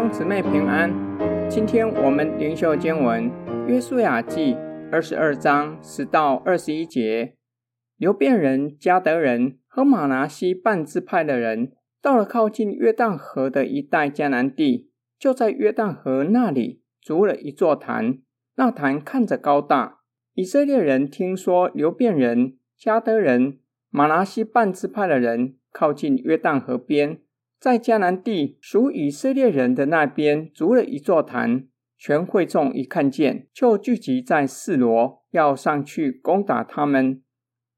兄姊妹平安，今天我們靈修經文《約書亞記》二十二章十到二十一節。流便人、迦得人和瑪拿西半支派的人，到了靠近約旦河的一帶迦南地，就在約旦河那裡築了一座壇。那壇看着高大。以色列人聽說流便人、迦得人、瑪拿西半支派的人靠近約旦河邊。在迦南地屬以色列人的那邊，足了一座壇。全會眾一看見，就聚集在四羅，要上去攻打他們。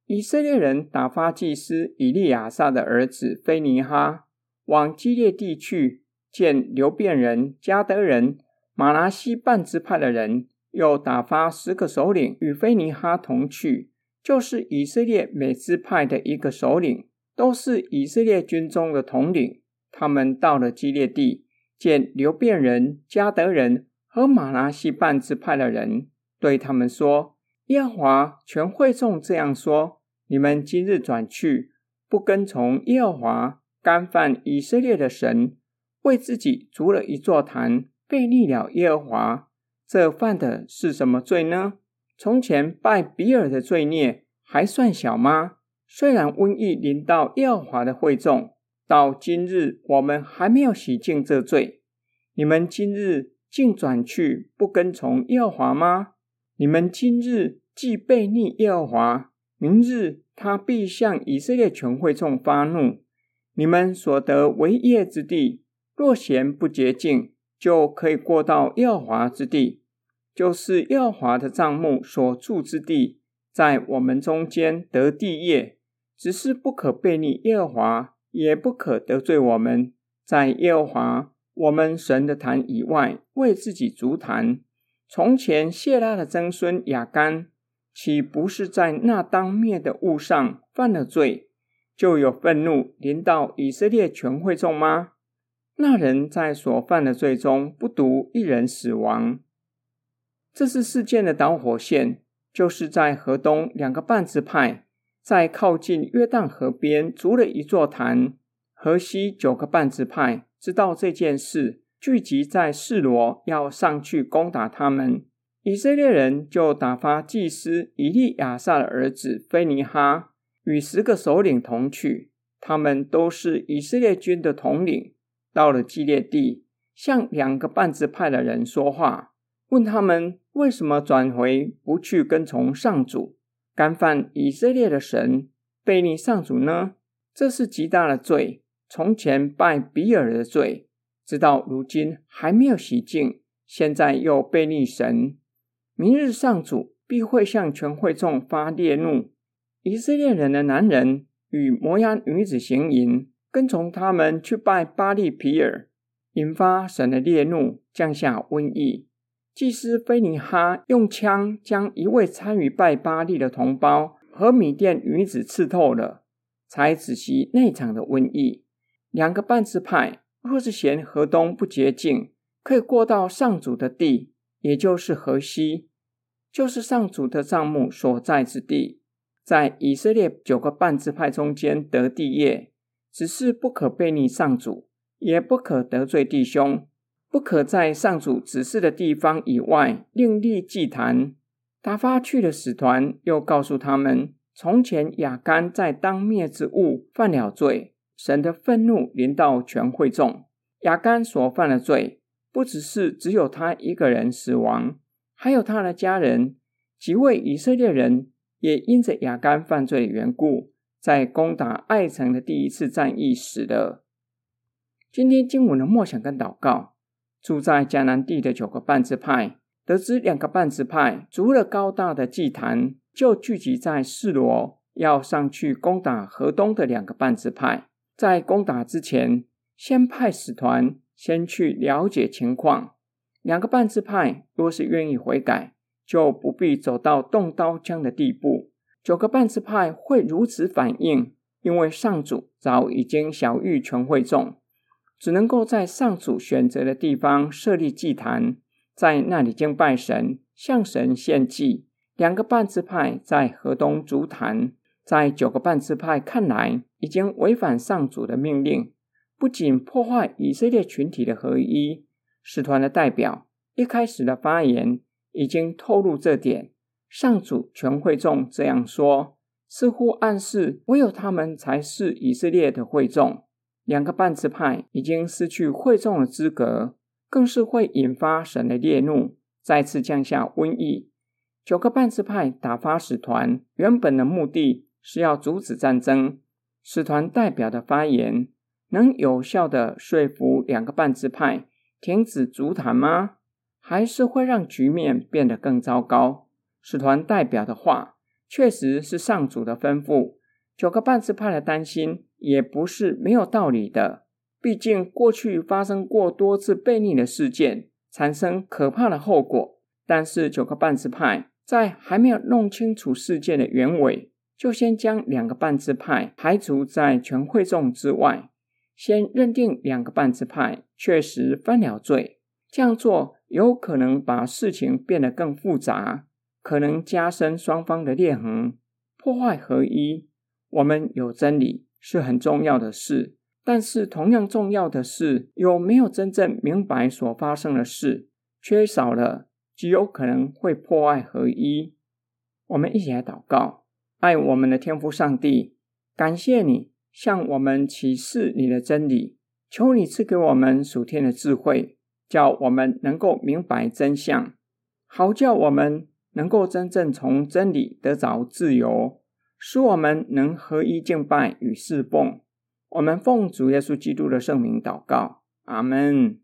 以色列人打發祭司以利亞撒的兒子菲尼哈往激烈地去，見流辯人、迦德人、馬拉西半支派的人，又打發十個首領與菲尼哈同去，就是以色列每支派的一個首領，都是以色列軍中的統領。他們到了基列地，見流便人、迦得人和瑪拿西半支派的人，對他們說：“耶和華全會眾這樣說：你們今日轉去，不跟從耶和華，干犯以色列的神，為自己築了一座壇，悖逆了耶和華，這犯的是什麼罪呢？從前拜毘珥的罪孽還算小嗎？雖然瘟疫臨到耶和華的會眾。”到今日，我們還沒有洗淨這罪。你們今日竟轉去不跟從耶和華嗎？你們今日既悖逆耶和華，明日他必向以色列全會眾發怒。你們所得為業之地，若嫌不潔淨，就可以過到耶和華之地，就是耶和華的帳幕所住之地，在我們中間得地業，只是不可悖逆耶和華。也不可得罪我們，在耶和華我們神的壇以外為自己築壇。從前謝拉的曾孫亞干，豈不是在那當滅的物上犯了罪，就有忿怒臨到以色列全會眾嗎？那人在所犯的罪中不獨一人死亡。這次事件的導火線，就是在河東兩個半支派。在靠近約旦河邊，築了一座壇。河西九個半支派知道這件事，聚集在示羅，要上去攻打他們。以色列人就打發祭司以利亞撒的兒子非尼哈與十個首領同去，他們都是以色列軍的統領。到了基列地，向兩個半支派的人說話，問他們為什麼轉回，不去跟從上主，敢犯以色列的神，背逆上主呢？這是極大的罪。從前拜比爾的罪，直到如今還沒有洗淨，現在又背逆神，明日上主必會向全會眾發列怒。以色列人的男人與摩押女子行營，跟從他們去拜巴利皮爾，引發神的列怒，降下瘟疫。祭司非尼哈用槍將一位參與拜巴力的同胞和米甸女子刺透了，才止息那場的瘟疫。兩個半支派若是嫌河東不潔淨，可以過到上主的地，也就是河西，就是上主的帳幕所在之地，在以色列九個半支派中間得地業，只是不可悖逆上主，也不可得罪弟兄。不可在上主指示的地方以外另立祭壇。打發去的使團，又告訴他們：從前亞干在當滅之物犯了罪，神的憤怒臨到全會眾。亞干所犯的罪，不只是只有他一個人死亡，還有他的家人，幾位以色列人也因着亞干犯罪的緣故，在攻打艾城的第一次戰役死了。今天經文的默想跟禱告。住在迦南地的九個半支派，得知兩個半支派築了高大的祭壇，就聚集在示羅，要上去攻打河東的兩個半支派。在攻打之前，先派使團先去了解情況。兩個半支派若是願意悔改，就不必走到動刀槍的地步。九個半支派會如此反應，因為上主早已經曉諭全會眾只能夠在上主選擇的地方設立祭壇，在那裡敬拜神、向神獻祭。兩個半支派在河東築壇，在九個半支派看來，已經違反上主的命令，不僅破壞以色列群體的合一。使團的代表一開始的發言已經透露這點。上主全會眾這樣說，似乎暗示唯有他們才是以色列的會眾。兩個半支派已經失去會眾的資格，更是會引發神的烈怒，再次降下瘟疫。九個半支派打發使團，原本的目的是要阻止戰爭。使團代表的發言能有效的說服兩個半支派停止築壇嗎？還是會讓局面變得更糟糕？使團代表的話確實是上主的吩咐。九個半支派的擔心。也不是沒有道理的。畢竟過去發生過多次悖逆的事件，產生可怕的後果。但是九個半支派在還沒有弄清楚事件的原委，就先將兩個半支派排除在全會眾之外，先認定兩個半支派確實犯了罪。這樣做有可能把事情變得更複雜，可能加深雙方的裂痕，破壞合一。我們有真理，是很重要的事，但是同樣重要的是，有沒有真正明白所發生的事，缺少了，極有可能會破壞合一。我們一起來禱告，愛我們的天父上帝，感謝你，向我們啟示你的真理，求你賜給我們屬天的智慧，叫我們能夠明白真相，好叫我們能夠真正從真理得着自由。使我們能合一敬拜與侍奉，我們奉主耶穌基督的聖名禱告，阿門。